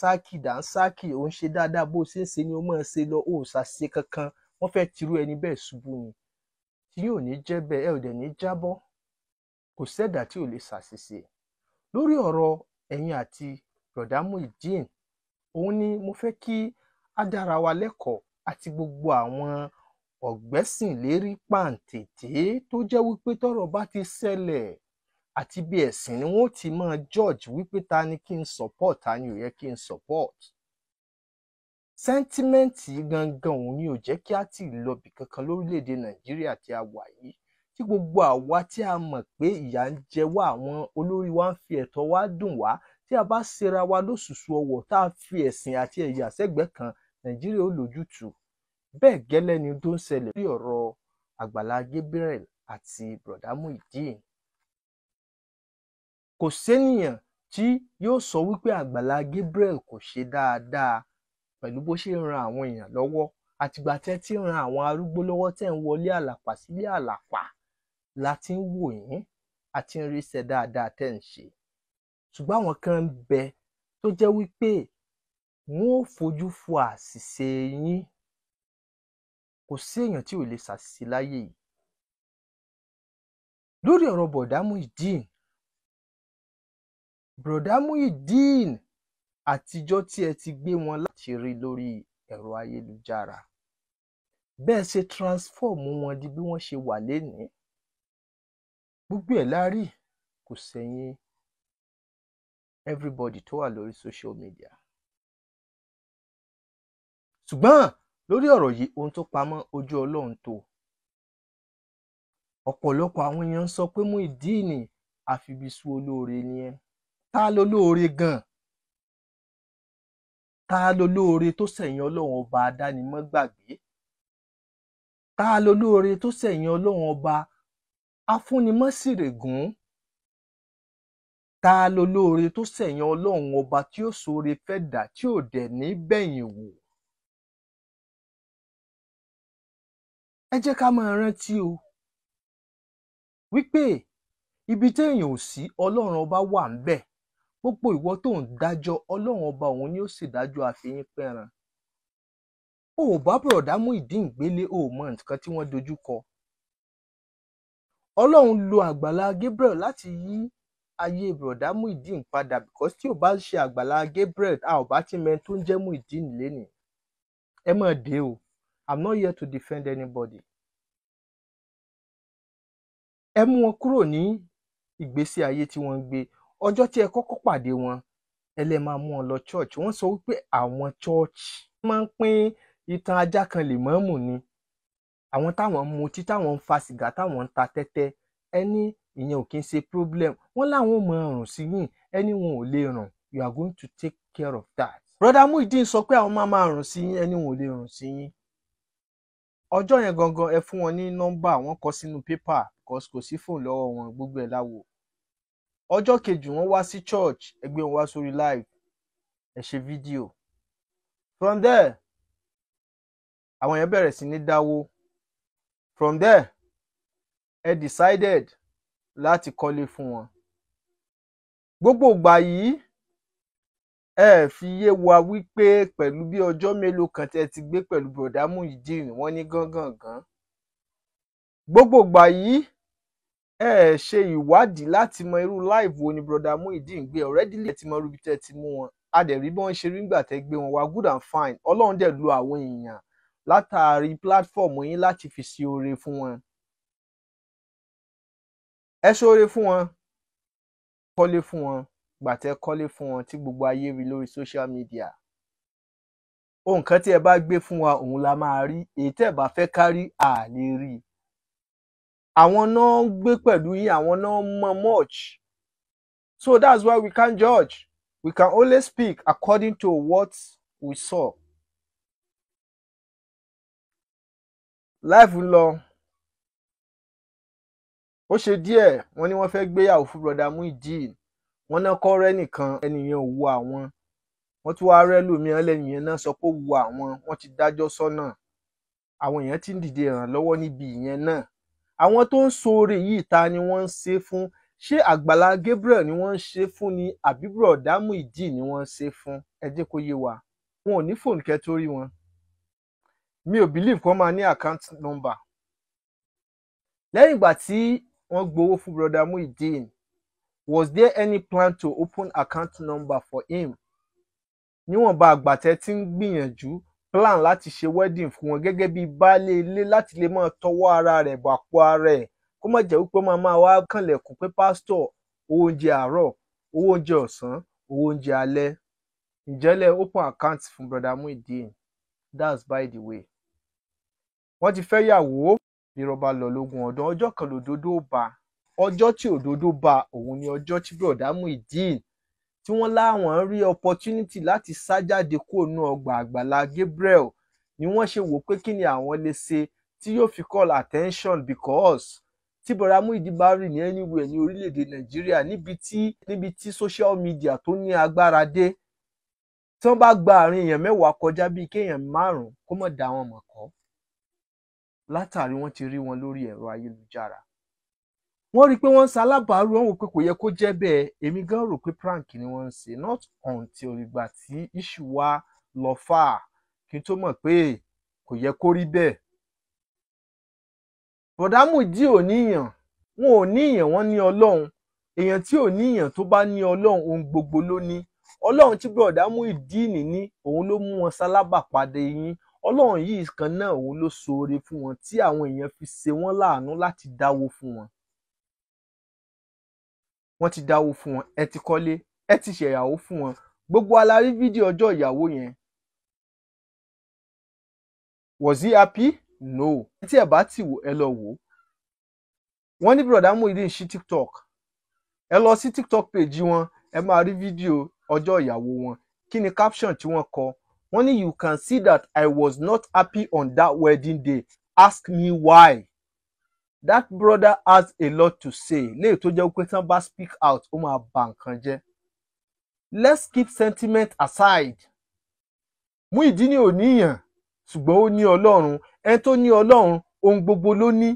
sáàkì dà ń sáàkì ò ń ṣe dáadáa bó ṣe ń ṣe ni ó máa ṣe lọ ó ṣàṣe kankan wọ́n fẹ́ tirú ẹni bẹ́ẹ̀ ṣubú ni tí yóò ní jẹ́ bẹ́ẹ̀ ẹ ò dẹ̀ ní jábọ́ kò sẹ́dà tí ò lè ṣàṣìṣe lórí ọ̀rọ̀ ẹ̀yin àti Bọ̀dá Muyideen òun ni mo fẹ́ kí á dára wa lẹ́kọ̀ọ́ àti gbogbo àwọn ọ̀gbẹ́sìn lérí pàǹtẹ̀tẹ̀ tó jẹ́ wípé tọ́rọ̀ bá ti ṣẹlẹ̀ àti bí ẹ̀sìn ni wọ́n ti máa judge wípé ta ni kí n support ta ni ò yẹ kí n support. sẹ́ńtímẹ́ǹtì gangan òun ni ò jẹ́ kí á tì lọ́bì kankan lórílẹ̀‐èdè nàìjíríà tí a wà yìí tí gbogbo àwa tí a mọ̀ pé ìyà ń jẹ wá àwọn olórí wa ń fi ẹ̀tọ́ wa dùn wá tí a bá ṣera wa lóṣùṣù ọwọ̀ tá a fi ẹ̀sìn àti ẹ̀yà sẹ́gbẹ̀ẹ́ kan nàìjíríà ó lójútùú bẹ́ẹ̀ gẹ́lẹ́ tó ń ṣẹlẹ̀ lórí ọ̀rọ̀ Àgbàlá Gabriel àti Bùrọ̀dá Muyideen kò sénìyàn tí yóò sọ wípé àgbàlá gabriel kò ṣe dáadáa pẹ̀lú bó ṣe ń ran àwọn èèyàn lọ́wọ́ àtìgbà tẹ́ ti ń ran àwọn arúgbó lọ́wọ́ tẹ́ ń wọlé àlàpà sílé àlàpà la ti ń wò yín àti ń ríṣẹ́ dáadáa tẹ́ ń ṣe ṣùgbọ́n àwọn kan ń bẹ tó jẹ́ wípé wọn ò fojú fo àṣìṣe yín kò sí èèyàn tí ò lè ṣàṣìṣe láyé yìí lórí ọ̀rọ̀ bọ̀dá Muyideen Broda Muyideen àtijọ́ tí ẹ ti gbé wọn láti rí lórí ẹ̀rọ ayélujára, bẹ́ ẹ ṣe transfọ́ọ̀mù wọn di bí wọ́n ṣe wà lénìí, gbogbo ẹ̀ la kò ṣẹ̀yìn everybody tó wà lórí social media. Ṣùgbọ́n lórí ọ̀rọ̀ yìí ohun tó pamọ́ ojú Ọlọ́run tó o. Ọ̀pọ̀lọpọ̀ àwọn èèyàn sọ pé Muyideen àfibisú olóore ni ẹ́ ta ló lóore gan ta ló lóore tó sẹ̀yìn ọlọ́run ọba adánimọ̀gbàgbé ta ló lóore tó sẹ̀yìn ọlọ́run ọba afúnimọ̀sírègùn ta ló lóore tó sẹ̀yìn ọlọ́run ọba tí ó ṣoore fẹ́ dà tí ò dẹ̀ ní bẹ̀yìn wò. ẹ jẹ́ ká máa rántí o wípé ibi téèyàn ò sí ọlọ́run ọba wà ń bẹ̀ gbogbo ìwọ tó ń dájọ́ ọlọ́run ọba òun ni ó ṣèdájọ́ àfihìnpẹ̀ràn o ò bá bùrọ̀dá Muyideen gbélé o ò mọ nǹkan tí wọ́n dojú kọ ọlọ́run lo àgbàlá Gabriel láti yí ayé bùrọ̀dá Muyideen padà because tí ò bá ṣe àgbàlá Gabriel a ò bá ti mẹ́ni tó ń jẹ́ Muyideen lénìí ẹ mọ̀ dé o I'm not here to defend anybody ẹ mú wọn kúrò ní ìgbésí ayé tí wọ́n ń gbé ọjọ́ tí ẹ kọ́kọ́ pàdé wọn ẹ lè máa mú wọn lọ church wọ́n sọ wípé àwọn church máa ń pín ìtàn ajá kan lè mọ́ọ̀mù ni àwọn táwọn ń mutí táwọn ń fa sìgá táwọn ń ta tẹ́tẹ́ ẹni ìyẹn ò kí ń ṣe problem wọ́n láwọn ò mọ ọrùn sí yìn ẹni wọn ò lè rùn you are going to take care of that. brother Muyideen sọ pé àwọn máa máa rùn sí yín ẹni wọn ò lè rùn sí yín ọjọ́ yẹn gangan ẹ fún wọn ní nọ́mbà wọn kọ sínú pépà kò sí fóònù lọ́wọ́ wọn gbogbo ẹ̀ láwo ọjọ́ kejì wọ́n wá sí church ẹgbẹ́ wọn wá sórí live ẹ ṣe fídíò from there àwọn èèyàn bẹ̀rẹ̀ sí ní dáwó from there ẹ decided láti kọ́lé fún wọn gbogbo ìgbà yìí ẹ fi yé wa wípé pẹ̀lú bí ọjọ́ mélòó kan tẹ́ ti gbé pẹ̀lú bọ̀dá Muyideen wọ́n ní gángan gan gbogbo ìgbà yìí ẹ ẹ ṣe ìwádìí láti mọ irú live wo ni broda Muyideen gbé already ti mọ irúbi tẹ́ ti mú wọn a dẹ̀ rí bí wọ́n ṣe rí ńgbà tẹ́ gbé wọn wá good and fine ọlọ́run dẹ̀ lu àwọn èèyàn látàrí platform yín láti fi ṣe oore fún wọn ẹ ṣoore fún wọn kọ́lé fún wọn gbàtẹ́ kọ́lé fún wọn tí gbogbo ayé rí lórí social media ohun kan tí ẹ bá gbé fún wa òun la máa rí èyí tẹ́ bá fẹ́ kárí à rí i àwọn náà ń gbé pẹ̀lú yín àwọn náà ń mọ much so that's why we can't judge we can only speak according to what we saw. láìfù lọ ó ṣe díẹ̀ wọ́n ní wọ́n fẹ́ẹ́ gbéyàwó fún broda Muideen wọ́n náà kọ rẹ nìkan ẹnìyẹn ò wo àwọn wọ́n tún wá rẹ lómìíràn lẹnìyẹn náà sọ pé ó wo àwọn wọ́n ti dájọ́ sọ́nà àwọn èèyàn ti ń dìde ìrànlọ́wọ́ níbi ìyẹn náà àwọn tó ń ṣoore yìí ta ni wọn ń ṣe fún ṣé àgbàlá gabriel ni wọn ń ṣe fún ni àbí bùrọdá Muyideen ni wọn ń ṣe fún ẹ jẹ́ kó yé wa wọn ò ní fóònù kẹ́ rí wọn mi ò believe kó máa ní account number lẹ́yìn ìgbà tí wọ́n gbowó fún bùrọdá Muyideen was there any plan to open account number for him níwọ̀nba àgbàtẹ́ tí ń gbìyànjú plan láti ṣe wedding fún wọn gẹ́gẹ́ bíi baálé ilé láti lè máa tọwọ́ ara rẹ̀ bọ àpò ara ẹ̀ kó má jẹ́ wípé máa máa wá kànlẹ̀kùn pé pásítọ̀ oúnjẹ àárọ̀ owó oúnjẹ ọ̀sán owó oúnjẹ alẹ́ ìjẹ́lẹ̀ open account fún brother Muyideen that's by the way wọ́n ti fẹ́ yàwó ìrọba lọ lógún ọdún ọjọ́ kan lòdodo bá ọjọ́ tí òdodo bá òun ni ọjọ́ tí brother Muyideen tí wọ́n láwọn rí opportunity láti sá jáde kúrò nínú ọgbà àgbàlá Gabriel ni wọ́n ṣe wò pé kí ni àwọn lè ṣe tí yóò fi call attention because tí bọ̀dá Muyideen ní anywhere ní orílẹ̀-èdè Nàìjíríà níbi tí níbi tí social media tó ní agbára dé tí wọ́n bá gba àárín èèyàn mẹ́wàá kọjá bíi kéèyàn márùn-ún kó mọ̀ dá wọn mọ̀ kọ́ látàrí wọ́n ti rí wọn lórí ẹ̀rọ ayélujára wọ́n rí i pé wọ́n ń sa alábàárù wọ́n wò pé kò yẹ kó jẹ́ bẹ́ẹ̀ èmi gan rò pé prank ni wọ́n ń ṣe not until ìgbà tí iṣu wa lọ fà á kí n tó mọ̀ pé kò yẹ kó rí bẹ́ẹ̀. bọ̀dámù dí ò níyàn wọn ò níyàn wọ́n ní ọlọ́run èèyàn tí ò níyàn tó bá ní ọlọ́run ohun gbogbo ló ní ọlọ́run tí bọ̀dámù ìdíìnì ní òun ló mú wọn sálábà pàdé yín ọlọ́run yìí kan náà òun ló ṣoore fún wọn tí àwọn èèyàn fi ṣe wọ́n láàánú láti dáwó fún wọn wọ́n ti dáwó fún wọn ẹ ti kọ́lé ẹ ti ṣèyàwó fún wọn gbogbo wa fídíò ọjọ́ ìyàwó yẹn was he happy no tí ẹ bá ti wò ẹ lọ wò ó wọ́n ní broda Muyideen sí tiktok ẹ lọ sí tiktok page wọn ẹ máa rí fídíò ọjọ́ ìyàwó wọn kí ni caption tí wọ́n kọ wọ́n ní you can see that I was not happy on that wedding day ask me why that brother has a lot to say léyìí tó jẹ́ pé tán bá speak out ó máa bà nǹkan jẹ́ let's keep sentiment aside Muyideen ò níyàn ṣùgbọ́n ó ní ọlọ́run ẹni tó ní ọlọ́run ohun gbogbo ló ní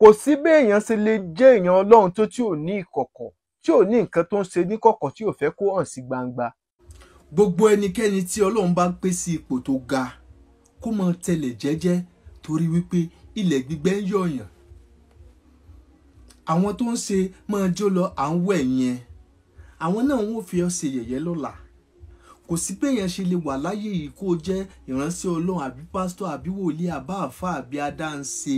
kò sí béèyàn ṣe lè jẹ́ èèyàn ọlọ́run tó tí ò ní ìkọ̀kọ̀ tí ò ní nǹkan tó ń ṣe níkọ̀kọ̀ tí ò fẹ́ kó hàn sí gbangba. gbogbo ẹnikẹ́ni tí ọlọ́run bá pè sí ipò tó ga kó máa tẹ̀lé jẹ́jẹ́ torí wípé ilẹ̀ gbígbẹ́ ń yọ̀yàn àwọn tó ń ṣe máa jó lọ à ń wọ ẹ̀yìn ẹ àwọn náà wọ́n fi ọ ṣe yẹ̀yẹ́ lọ́la kò sí pé èèyàn ṣe lè wà láyé yìí kó jẹ́ ìránṣẹ́ ọlọ́run àbí pásítọ̀ àbí wòlíì àbá àfa àbí adáǹṣe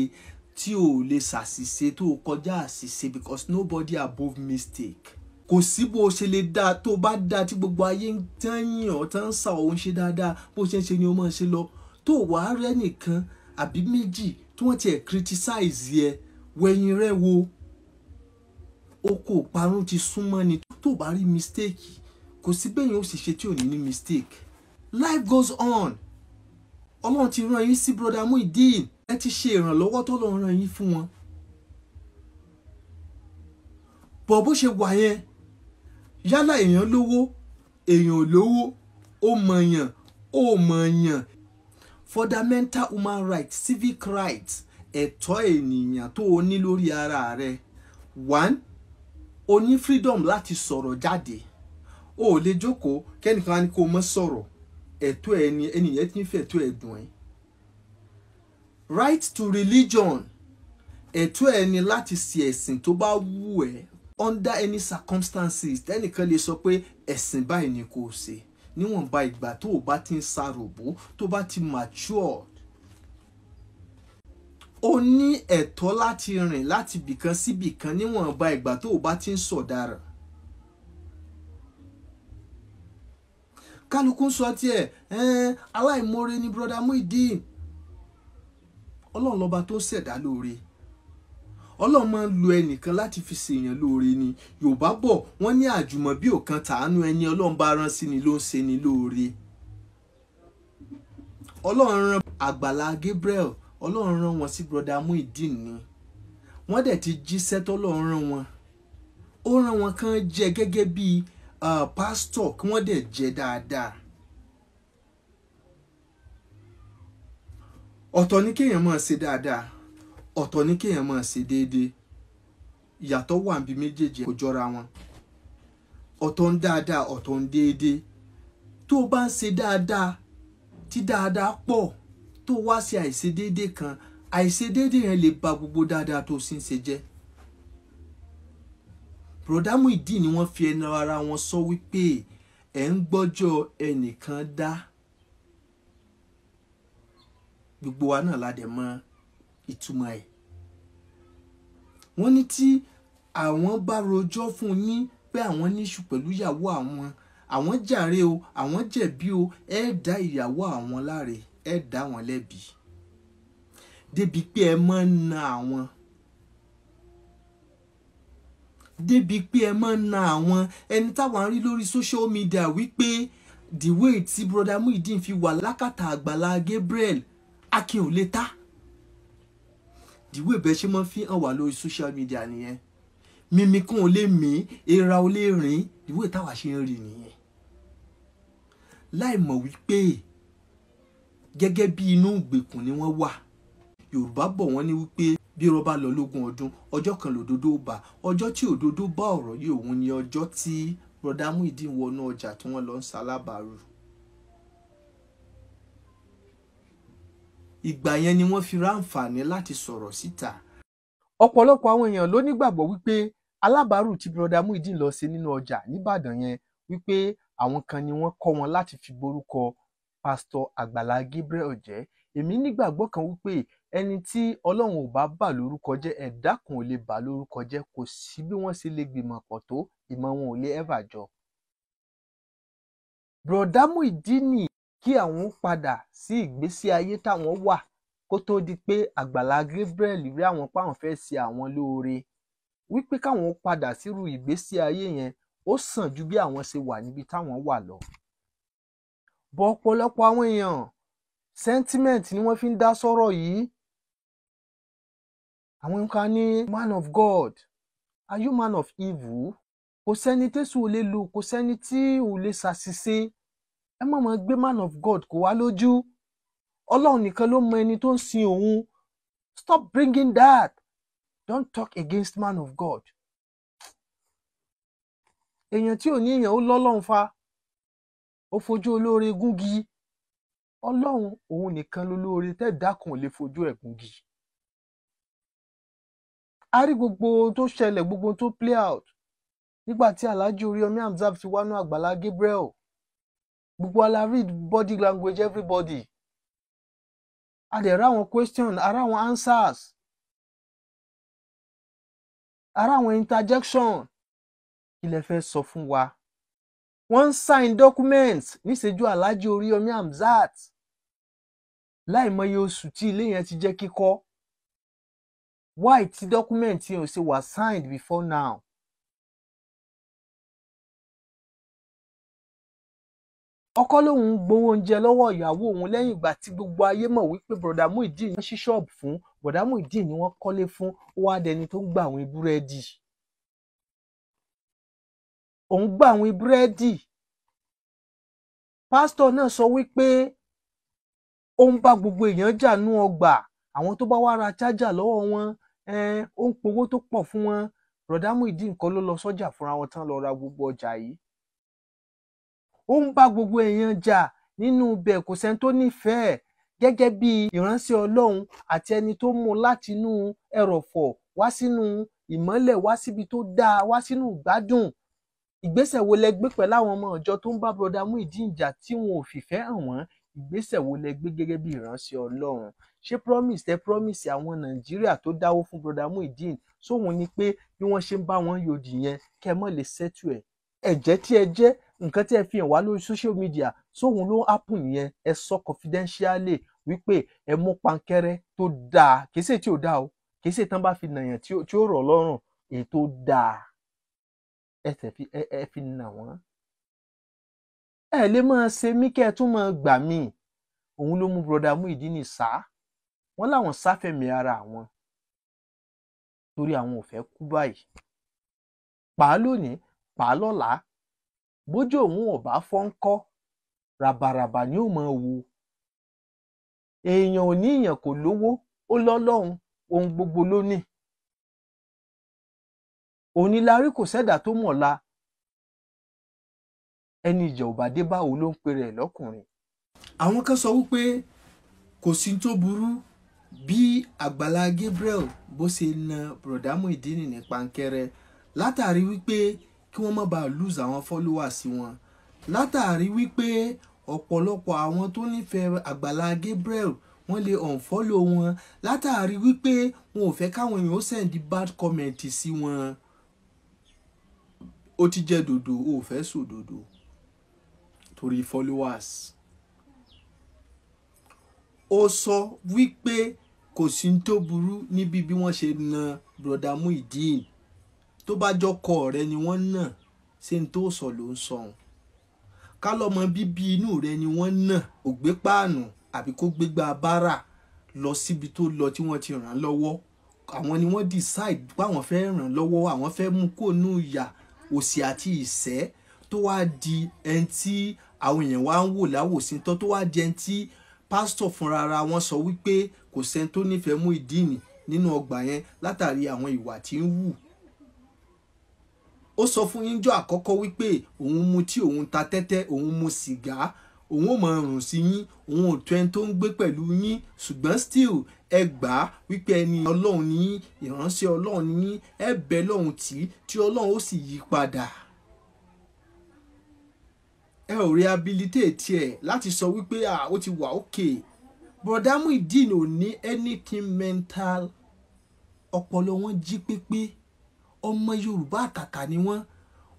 tí o lè ṣàṣìṣe tó kọjá àṣìṣe because nobody above mistake kò sí bó o ṣe lè dá tó o bá dá tí gbogbo ayé ń tán yàn ọ́ tán ń sà ọ́ ń ṣe dáadáa bó o ṣe ń ṣe ni o máa ṣe lọ tó o wàá rẹ́ nìkan àbí méjì tí wọ́n ti ẹ̀ criticize yẹ wẹ̀yìn rẹ̀ wo oko ìparun ti súnmọ́ ni tó bá rí mistake kò sí bẹ́ẹ̀ yẹn ó sì ṣe tí ò ní ní mistake life goes on ọlọ́run ti rán yín sí broda Muideen ẹ ti ṣe ìrànlọ́wọ́ tó lọ́ọ́ rán yín fún wọn bọ̀ bó ṣe wà yẹn yálà èèyàn lówó èèyàn lówó ó mọ̀yàn ó mọ̀yàn fundamental human rights civic rights ẹ̀tọ́ ènìyàn tó o ní lórí ara rẹ one o ní freedom láti sọ̀rọ̀ jáde o ò lè jókòó kẹ́nìkan á ní kó o mọ́ sọ̀rọ̀ ẹ̀tọ́ ẹ ni ẹnìyẹn ti ń fẹ́ ẹ̀tọ́ ẹ dùn right to religion ẹ̀tọ́ ẹ ni láti ṣe ẹ̀sìn tó bá wù ẹ́ under any circumstances tẹ́nìkan lè sọ pé ẹ̀sìn báyìí ni kò ṣe níwọ̀nba ìgbà tó o bá ti ń saròbó tó bá ti mature o ní ẹ̀tọ́ láti rìn láti bìkan síbìkan níwọ̀nba ìgbà tó o bá ti ń sọ̀daràn. kálukú ń sọ tiẹ̀ aláìmoore ni broda Muyideen ọlọ́run lọ́ba tó ṣẹ̀dá lóore ọlọ́run máa ń lo ẹnìkan láti fi ṣèyàn lóore ni yorùbá bọ̀ wọ́n ní àjùmọ̀ bí òkan tàánú ẹni ọlọ́run bá rán sí ni ló ń ṣe ni lóore ọlọ́run àgbàlá Gabriel ọlọ́run rán wọn sí broda Muideen ni wọ́n dẹ̀ ti jíṣẹ́ tọ́lọ́run rán wọn ó rán wọn kán jẹ gẹ́gẹ́ bí pásítọ̀ kí wọ́n dẹ̀ jẹ dáadáa. ọ̀tọ̀ ni kéèyàn máa ṣe dáadáa ọ̀tọ̀ ni kéèyàn máa ṣe déédéé ìyàtọ̀ wà níbi méjèèjì kò jọra wọn ọ̀tọ̀ ń dáadáa ọ̀tọ̀ ń déédéé tó o bá ń ṣe dáadáa tí dáadáa pọ̀ tó wá sí àìṣedéédé kan àìṣedéédé yẹn lè ba gbogbo dáadáa tó sì ń ṣe jẹ́ broda Muyideen ni wọ́n fi ẹnu ara wọn sọ wípé ẹ̀ ń gbọ́jọ́ ẹnìkan dá gbogbo wa náà la dẹ̀ mọ ìtumọ̀ ẹ̀ wọ́n ní tí àwọn bá rojọ́ fún yín pé àwọn níṣù pẹ̀lú ìyàwó àwọn àwọn jàre o àwọn jẹ̀bi o ẹ dá ìyàwó àwọn láre ẹ dá wọn lẹ́bi débi pé ẹ máa ń na àwọn débi pé ẹ máa ń na àwọn ẹni táwọn rí lórí social media wípé the way tí brother Muyideen fi wà lákàtà àgbàlá Gabriel akin ò lè ta the way bẹ́ẹ̀ ṣe máa fi hàn wá lórí social media nìyẹn mímikún ò lè mí èèrà ò lè rìn the way táwa ṣe ń rìn nìyẹn láì mọ̀ wípé gẹ́gẹ́ bí inú ìgbèkùn ni wọ́n wà yorùbá bọ̀ wọ́n ní wípé bí rọba lọ lógún ọdún ọjọ́ kan lòdodo bá ọjọ́ tí òdodo bá ọ̀rọ̀ yìí òun ni ọjọ́ tí broda Muideen wọnú ọjà tí wọ́n lọ ń ṣalábàárù ìgbà yẹn ni wọ́n fi ráǹfààní láti sọ̀rọ̀ síta. ọ̀pọ̀lọpọ̀ àwọn èèyàn ló nígbàgbọ́ wípé alábàárù tí broda Muideen lọ ṣe nínú ọjà níbàdàn yẹn wípé àwọn kan ni wọ́n kọ́ wọn láti fi borúkọ pastor Àgbàlá Gabriel jẹ́, Èmi nígbàgbọ́ kan wípé ẹni tí Ọlọ́run ò bá bà lórúkọ jẹ́, ẹ̀dá kan ò lè bà lórúkọ jẹ́, kò sí bí wọ́n ṣe lè gbìmọ̀pọ̀ tó, ìmọ̀ wọn ò lè ever jọ. Bùrọ̀dá Muyideen kí àwọn padà sí ìgbésí ayé táwọn wà kó tó di pé Àgbàlá Gabriel rí àwọn páwọn fẹ́ ṣe àwọn lóore. Wípé káwọn padà sírú ìgbésí ayé yẹn, ó sàn ju bí àwọn ṣe wà níbi táwọn wà lọ bọ́ ọ̀pọ̀lọpọ̀ àwọn èèyàn sentiment ni wọ́n fi ń dá sọ̀rọ̀ yìí àwọn kan ní man of God are you man of evil kò sẹ́ni tẹ́sùn ò lè lò kò sẹ́ni tí ò lè ṣàṣìṣe ẹ má máa gbé man of God kò wá lójú ọlọ́run nìkan ló mọ ẹni tó ń sin òun stop bringing that don't talk against man of God èèyàn tí ò ní èèyàn ó lọ́lọ́run fa ó fojú olóore gúngi ọlọ́run òun nìkan lolóore tẹ́ẹ̀dá kan ò lè fojú ẹ̀ gúngi. a rí gbogbo tó ṣẹlẹ̀ gbogbo tó play out nígbà tí Alhaji Oriomi Hamzat fi wánú Àgbàlá Gabriel gbogbo ala read body language everybody a dẹ̀ ráwọn question aráwọn answers aráwọn interjection kí lẹ fẹ́ sọ fún wa wọ́n ń sign document níṣẹ́jú Alhaji Oríyọmí Hamzat láìmọye oṣù tí ilé yẹn ti jẹ́ kíkọ́ why tí document yẹn ò ṣe wà signed before now. ọkọ lòun ń gbowó oúnjẹ lọ́wọ́ ìyàwó òun lẹ́yìn ìgbà tí gbogbo ayé mọ̀ wípé bọ̀dà Muyideen wọ́n ṣí ṣọ́ọ̀bù fún bọ̀dà Muyideen ni wọ́n kọ́lé fún ó wá dẹni tó ń gbà àwọn búrẹ́dì òun gbà wín búrẹ́dì pásítọ̀ náà sọ wípé ó ń bá gbogbo èèyàn jà nú ọgbà àwọn tó bá wá ra chájà lọ́wọ́ wọn ó ń powó tó pọ̀ fún wọn rọ̀dámù ìdí nǹkan ló lọ sọ́jà fúnra wọn tán lọ ra gbogbo ọjà yìí ó ń bá gbogbo èèyàn jà nínú ibẹ̀ kò sẹ́ni tó nífẹ̀ẹ́ gẹ́gẹ́ bí ìránṣẹ́ Ọlọ́run àti ẹni tó mú láti ẹrọ̀fọ̀ wá sínú ìmọ́lẹ̀ wá síbi tó dáa wá sínú ìgbádùn ìgbésẹ̀ wo lẹ gbé pẹ̀lú àwọn ọmọ ìjọ tó ń bá broda Muyideen jà tí wọn ò fìfẹ́ hàn wọ́n ìgbésẹ̀ wo lẹ gbé gẹ́gẹ́ bí ìránṣẹ́ ọlọ́run ṣé promise tẹ promise àwọn nàìjíríà tó dáwó fún broda Muyideen sóhun ni pé bí wọ́n ṣe ń bá wọn yòdì yẹn kẹ́ mọ́ lè sẹ́tù ẹ̀ ẹ̀jẹ̀ tí ẹ jẹ́ nǹkan tí ẹ fi hàn wá lórí social media sóhun ló happen yẹn ẹ sọ confidentially wípé ẹ mú pankẹ́rẹ́ tó dáa kìí ṣe tí ò dáa o kìí ṣe tán bá fi nàyàn tí ó rọ̀ lọ́rùn èyí tó dáa ẹsẹ̀ fi ẹ ẹ fi nà wọ́n. ẹ lè máa ṣe mí kẹ́ ẹ tún máa gbà mí òun ló mú broda Muyideen sá wọ́n láwọn sáfẹ̀mí ara àwọn torí àwọn ò fẹ́ kú báyìí. pàá lónìí pàá lọ́la bójú òun ò bá fọ́ ni ó máa wò èèyàn ò ní èèyàn kò lówó ó lọ́lọ́run ohun gbogbo ló òní la rí kò sẹ́dà tó mọ̀la ẹni ìjà ò bá dé báwo ló ń pe rẹ̀ lọ́kùnrin. àwọn kan sọ wípé kò sí tó burú bí àgbàlá Gabriel bó ṣe na bùrọ̀dá Muyideen ní pankẹrẹ látàrí wípé kí wọ́n má bàa lose àwọn followers wọn látàrí wípé ọ̀pọ̀lọpọ̀ àwọn tó nífẹ̀ẹ́ àgbàlá Gabriel wọ́n lè unfollow wọn látàrí wípé wọn ò fẹ́ káwọn èèyàn send bad comment sí wọn ó ti jẹ́ dòdò ó fẹ́ sòdòdò torí followers ó sọ wípé kò sí tó burú níbi bí wọ́n ṣe na broda Muideen tó bá jọkọ rẹ ni wọ́n nà ṣé n tó sọ ló ń sọhun ká lọ́mọ bíbí inú rẹ ni wọ́n nà ò gbé páànù àbí kó gbégbá bára lọ síbi tó lọ tí wọ́n ti ràn án àwọn ni wọ́n decide pé àwọn fẹ́ ràn án lọ́wọ́ àwọn fẹ́ mú kó nù yà òsì àti ìṣẹ́ tó wá di ẹni tí àwọn èèyàn wá ń wò láwòsí tán tó wá di ẹni tí pásítọ̀ fúnra ara wọn sọ wípé kò sẹ́ni tó nífẹ̀ẹ́ mú ìdíìnì nínú ọgbà yẹn látàrí àwọn ìwà tí ń wù ó sọ fún yín àkọ́kọ́ wípé òun mu tí òun ta tẹ́tẹ́ òun mu sìgá òun ò mọ̀ rùn sí yín òun ò tó ẹni tó ń gbé pẹ̀lú yín ṣùgbọ́n still ẹ gbà á wípé ẹni ọlọ́run ní ìránṣẹ́ ọlọ́run ní ẹ bẹ lọ́run tí tí ọlọ́run ó sì yí padà ẹ ò rehabilitate ẹ láti sọ wípé ó ti wà ókè bọ̀dá Muyideen ò ní anything mental ọpọlọ wọn jí pépé ọmọ Yorùbá àtàkà ni wọn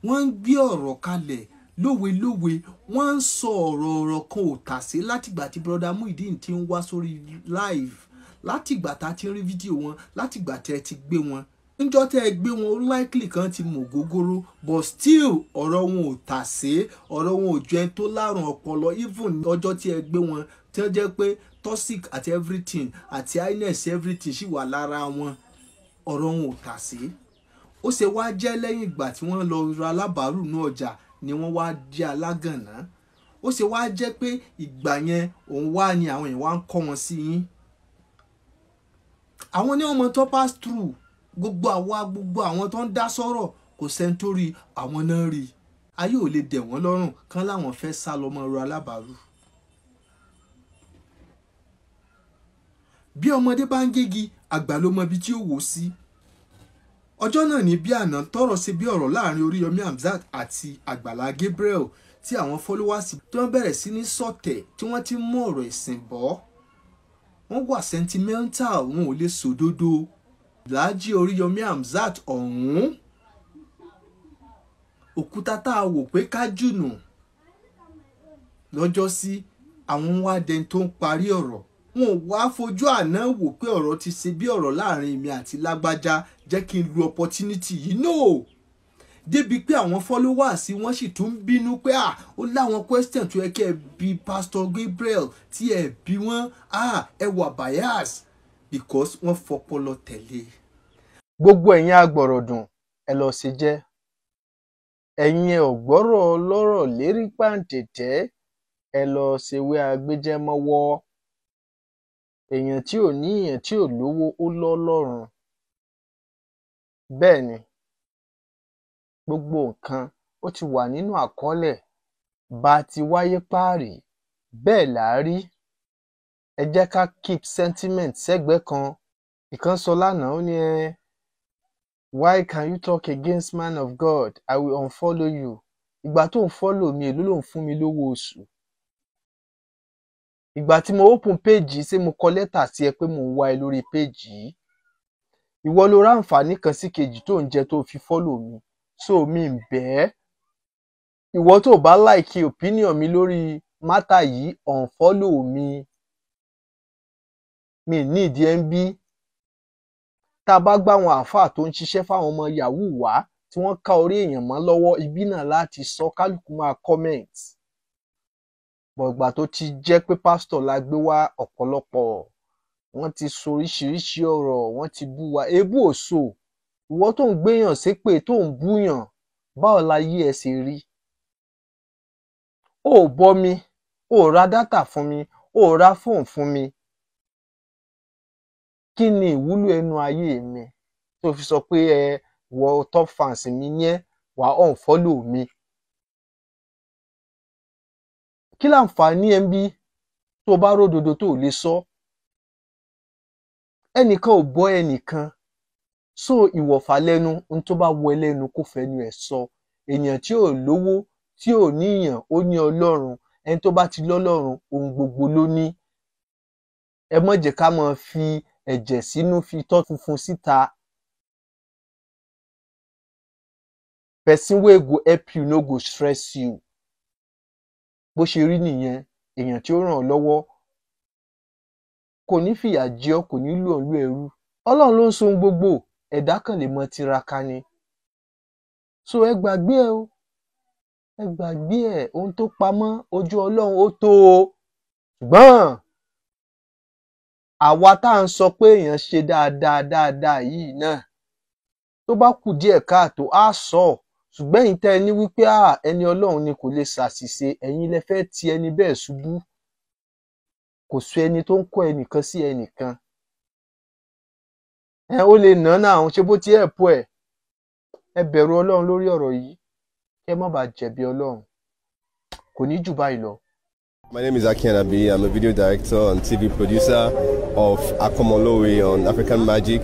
wọn ń gbé ọ̀rọ̀ kalẹ̀ lówe-lówe wọ́n ń sọ ọ̀rọ̀ ọ̀rọ̀ kan ò tà sí látìgbà tí broda Muyideen ti ń wá sórí live látìgbà tá a ti ń rí fídíò wọn látìgbà tẹ́ ẹ ti gbé wọn níjọ́ tẹ́ ẹ gbé wọn likely kan ti mọ̀ gógóró but still ọ̀rọ̀ wọn ò tà sí ọ̀rọ̀ wọn ò jẹ́ tó lárùn ọpọlọ even ọjọ́ tí ẹ gbé wọn tí wọ́n jẹ́ pé toxic àti everything àti highness everything sì wà lára wọn ọ̀rọ̀ wọn ò tà sí ó ṣe wá jẹ́ lẹ́yìn ìgbà tí wọ́n lọ ra alábàárù ní ọjà ni wọ́n wá jẹ́ alágànná ó ṣe wá jẹ́ pé ìgbà yẹn òun wá ni àwọn èèyàn wá ń kọ́ wọn sí yín àwọn ní ọmọ tó pass through gbogbo àwa gbogbo àwọn tó ń dá sọ́rọ̀ kò sẹ́ńtórí àwọn náà rí ayé ò lè dẹ̀ wọ́n lọ́rùn kán láwọn fẹ́ sá lọ́mọ ru alábàárù. bí ọmọdé bá ń gégi àgbà ló mọ ibi tí ó wò sí. Si ọjọ́ náà ní bí àná tọrọ sí bí ọ̀rọ̀ láàrin Oríyọmí Hamzat àti Àgbàlá Gabriel tí àwọn followers tí wọ́n bẹ̀rẹ̀ sí ní sọ̀tẹ̀ tí wọ́n ti mú ọ̀rọ̀ ẹ̀sìn bọ́ wọ́n wà sentimental wọn ò lè sòdodo Láàjì Oríyọmí Hamzat ọ̀hún òkúta tá a wò pé ká jùnù lọ́jọ́ sí àwọn wá tó ń parí ọ̀rọ̀ wọn ò wá fojú àná wò pé ọ̀rọ̀ ti ṣe bí ọ̀rọ̀ láàrin mi àti lágbájá jẹ́ kí n lu opportunity yìí no débi pé àwọn followers wọn sì tún bínú pé à ó láwọn question tó yẹ kí ẹ bi Pastor Gabriel tí ẹ bí wọn à ẹ wà bias because wọ́n fọpọlọ tẹ̀lé. E. gbogbo ẹ̀yin agbọ̀rọ̀dùn ẹ lọ sí jẹ́ ẹ̀yin ọ̀gbọ́rọ̀ ọlọ́rọ̀ lérí pàǹtẹ̀tẹ̀ ẹ lọ ṣèwé agbẹ́jẹ́mọ́wọ́ èèyàn tí ò ní èèyàn tí ò lówó ó lọ́lọ́run bẹ́ẹ̀ ni gbogbo nǹkan ó ti wà nínú àkọọ́lẹ̀ bá a ti wáyé páàrí bẹ́ẹ̀ là á rí ẹ jẹ́ ká keep sentiment sẹ́gbẹ̀ẹ́ kan ìkan sọ lánàá ó ní ẹ why can you talk against man of God I will unfollow you ìgbà tó ń follow mi èló ló ń fún mi lówó oṣù ìgbà tí mo open page yìí ṣé mo kọ lẹ́tà sí ẹ pé mò ń wá ẹ lórí page yìí ìwọ ló ra àǹfààní kan sí kejì tó ń jẹ tó fi follow mi so mi ń bẹ̀ ẹ́ ìwọ tó bá like opinion mi lórí mátà yìí unfollow mi mi ní ìdí ń bí tá a bá gbá àwọn àáfàá tó ń ṣiṣẹ́ fáwọn ọmọ yahoo wá tí wọ́n ká orí èèyàn mọ́ lọ́wọ́ ibi náà láti sọ kálukú máa comment bọ̀gbà tó ti jẹ́ pé pásítọ̀ la gbé wá ọ̀pọ̀lọpọ̀ wọ́n ti sọ oríṣiríṣi ọ̀rọ̀ wọ́n ti bú wa èébú òṣò ìwọ tó ń gbéyàn ṣépè tó ń búyàn báwo la yí ẹ ṣe o ò bọ́ mi ò ra dátà fún mi ò ra fóònù fún mi kí ni ìwúlò ẹnu ayé mi tó fi sọ pé ẹ wọ top fans mi yẹn wàá unfollow mi kí láǹfààní ẹ ń bí tó bá ródodo tó lè sọ ẹnìkan ò bọ́ ẹnìkan so ìwọ̀fà lẹ́nu ohun tó bá wọ ẹ lẹ́nu kó fẹnu ẹ̀ sọ èèyàn tí ò lówó tí ò níyàn ó ní ọlọ́run ẹni tó bá ti lọ́lọ́run ohun gbogbo ló ní ẹ má jẹ́ ká máa fi ẹ̀jẹ̀ sínú fi tọ́ funfun síta person wey go help you no go stress you bó ṣe rí nìyẹn èèyàn tí ó ràn ọ́ lọ́wọ́ kò ní fìyà jẹ ọ́ kò ní lò ọ́ lú ẹrú ọlọ́run ló ń so ohun gbogbo ẹ̀dá kan lè mọ tiraka ni so ẹ gbàgbé ẹ o ẹ gbàgbé ẹ ohun tó pamọ́ ojú ọlọ́run ó tó o ṣùgbọ́n àwa tá à ń sọ pé èèyàn ṣe dáadáa dáadáa yìí náà tó bá kù díẹ̀ káàtó á sọ ọ́ ṣùgbọ́n ẹ̀yin tẹ́ ẹ ní wípé ẹni ọlọ́run ni kò lè ṣàṣìṣe ẹ̀yin lẹ fẹ́ ti ẹni bẹ́ẹ̀ ṣubú kò sọ ẹni tó ń kọ́ ẹnìkan sí ẹnìkan ẹ ó lè nà án náà ṣe bó ti ẹ̀ pọ̀ ẹ̀ ẹ bẹ̀rù ọlọ́run lórí ọ̀rọ̀ yìí kẹ́ má bàa jẹ̀bi ọlọ́run kò ní jù báyìí lọ. My name is Aki Anabi. I'm a video director and TV producer of Akomolowe on African Magic